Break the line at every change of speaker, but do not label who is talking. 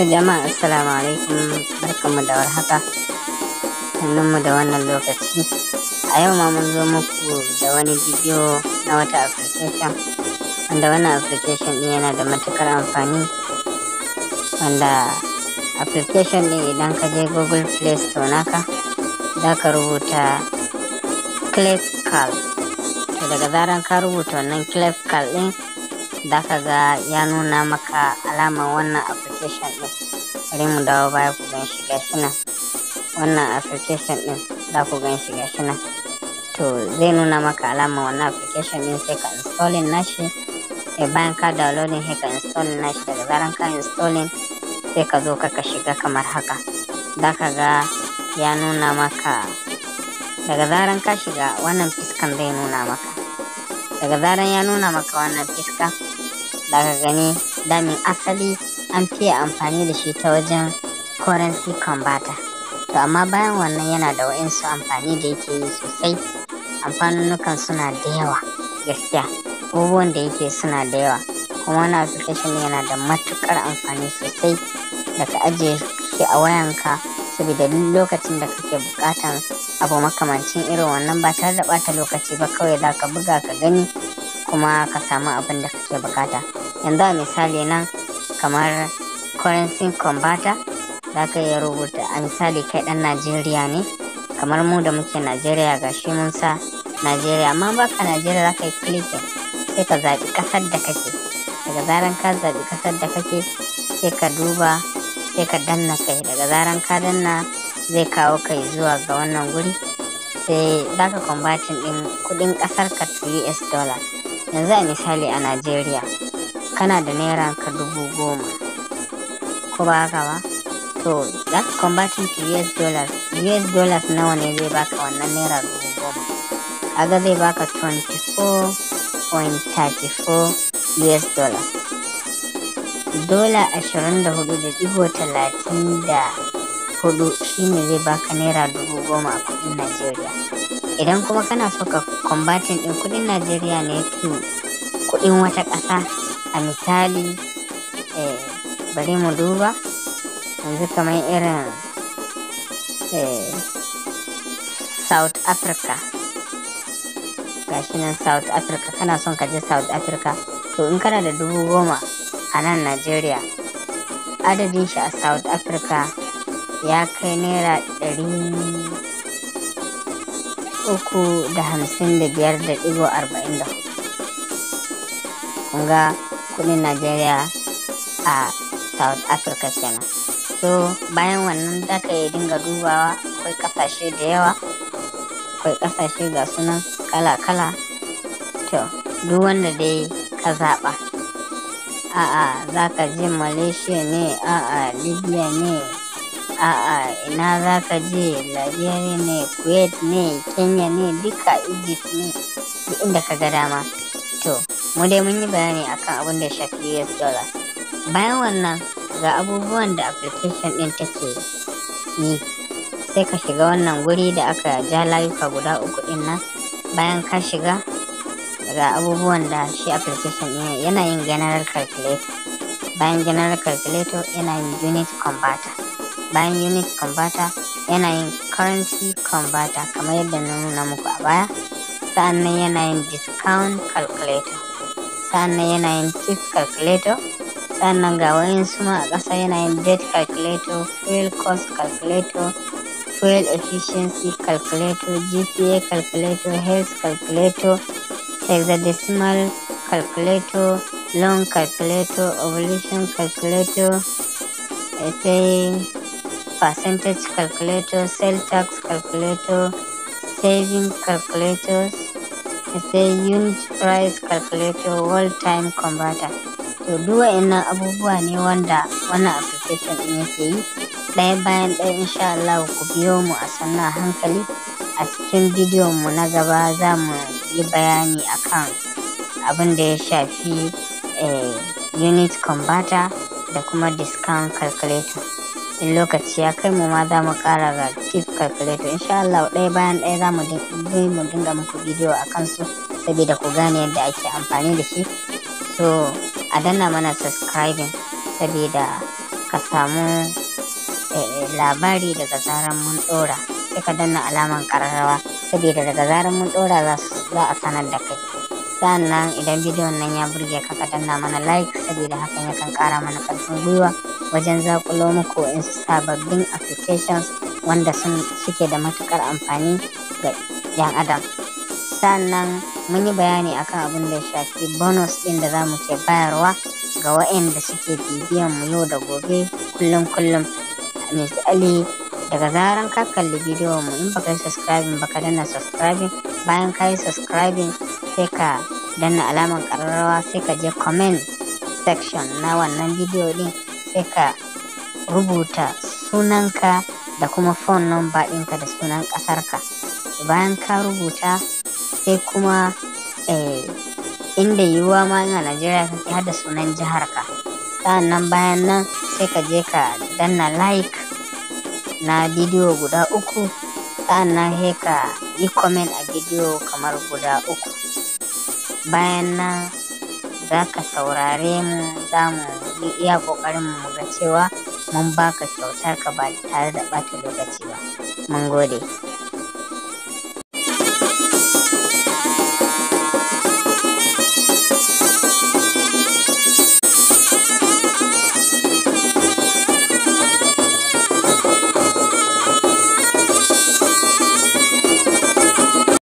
haka jama'a assalamu alaikum barkanmu da warhaka mu da wannan lokaci a yau ma mun zo muku da wani bidiyo na wata application wanda wannan application ɗin yana da matukar amfani wanda application ɗin idan ka je google play store naka za ka rubuta clef call to daga zaran ka rubuta wannan clef call ɗin da ka ga ya nuna maka alamar wannan application application din bari mu dawo baya ku gan shi gashi nan wannan application ɗin za ku gan shi gashi nan to zai nuna maka alama wannan application din sai ka installing nashi sai eh, bayan ka downloading sai ka installing nashi daga zaran ka installing sai ka zo ka shiga kamar haka za ka ga ya nuna maka daga zaran ka shiga wannan fiskan zai nuna maka daga zaran ya nuna maka wannan fiska daga gani damin asali an fiye amfani da shi ta wajen currency converter to amma bayan wannan yana da wa'insu amfani da yake yi sosai amfanunukan suna da yawa gaskiya abubuwan da yake suna da yawa kuma wani application yana da matukar amfani sosai da ka ajiye shi a wayanka saboda lokacin da kake bukatan abu makamancin irin wannan ba tare da bata lokaci ba kawai za ka buga ka gani kuma ka samu abin da kake bukata yanzu a misali nan kamar currency converter za ka iya rubuta a misali kai dan najeriya ne kamar mu da muke najeriya ga shi mun sa najeriya amma ba ka najeriya za ka yi clicking sai ka zaɓi ƙasar da kake daga zaran ka zaɓi ƙasar da kake sai ka duba sai ka danna kai daga zaran ka danna zai kawo kai zuwa ga wannan guri sai za ka kwambatin ɗin kuɗin ƙasar ka to us dollar yanzu a misali a najeriya kana da naira ka dubu ko ba haka ba to za combating to US dollars US dollars nawa ne zai baka wannan naira dubu goma kaga zai baka 24.34 US dollars dola ashirin da hudu da dubu talatin da hudu shine zai baka naira dubu goma a kudin Nigeria. idan kuma kana so ka converting din kudin Najeriya ne to kudin wata ƙasa a misali eh, bari mu duba yanzu kamar irin eh, south africa gashi nan south africa kana son ka je south africa to in kana da dubu goma a nan nigeria adadin shi a south africa ya kai naira ɗari uku da hamsin da biyar da ɗigo arba'in da kunga kudin nigeria a south africa kenan so bayan wannan za ka iya dinga dubawa akwai kasashe da yawa akwai kasashe ga sunan kala-kala to duk wanda dai ka zaɓa a'a za ka je malaysia ne a'a libya ne a'a ina za ka je liberia ne kuwait ne kenya ne duka egypt ne duk inda ka ga dama to mu dai mun yi bayani akan abin da shafi us dollar bayan wannan ga abubuwan da application ɗin take yi sai ka shiga wannan guri da aka ja layuka guda uku ɗin nan bayan ka shiga ga abubuwan da shi application ɗin yana yin general calculator bayan general calculator yana yin unit converter bayan unit converter yana yin currency converter kamar yadda na nuna muku a baya sa'annan yana yin discount calculator sa'annan yana yin tip calculator sannan ga wayansu ma a ƙasa yanayin date calculator fuel cost calculator fuel efficiency calculator gpa calculator health calculator hexadecimal calculator long calculator ovulation calculator sai percentage calculator cell tax calculator saving calculators sai unit price calculator world time converter to duk abubuwa ne wanda wannan application ɗin yake yi ɗaya bayan ɗaya insha Allah ku biyo mu a sannan hankali a cikin bidiyo mu na gaba za mu yi bayani akan abin da ya shafi eh, unit converter da kuma discount calculator in lokaci ya kai mu ma za mu ƙara ga tip calculator insha Allah ɗaya bayan ɗaya za mu mu dinga muku bidiyo a kansu saboda ku gane yadda ake amfani da shi so a danna mana subscribing saboda ka samu eh, labari daga zaran mun dora sai ka danna alaman ƙararrawa saboda daga zarar mun dora za a sanar da kai sannan idan bidiyon nan ya burge ka ka danna mana like saboda hakan ya kan ƙara mana karfin gwiwa wajen zakulo muku su sababbin applications wanda suke da matukar amfani ga 'yan adam sannan mun yi bayani akan abin da ya shafi bonus ɗin da za mu ke bayarwa ga waɗanda suke bibiyan mu yau da gobe kullum kullum ali daga zaran ka kalli bidiyon mu in baka yi subscribing baka danna subscribing bayan ka yi subscribing sai ka danna alamar ƙararrawa sai ka je comment section na wannan bidiyo ɗin sai ka rubuta sunanka da kuma phone number ɗinka da sunan ƙasarka bayan ka rubuta sai kuma eh, inda yiwuwa ma ina Najeriya ka ke da sunan jihar ka sa'annan bayan nan sai ka je ka danna like na bidiyo guda uku sa'annan sai ka yi comment a bidiyo kamar guda uku bayan nan za ka saurare mu za mu yi iya ƙoƙarin mu ga cewa mun baka kyautar ka ba tare da ɓata lokaci ba mun gode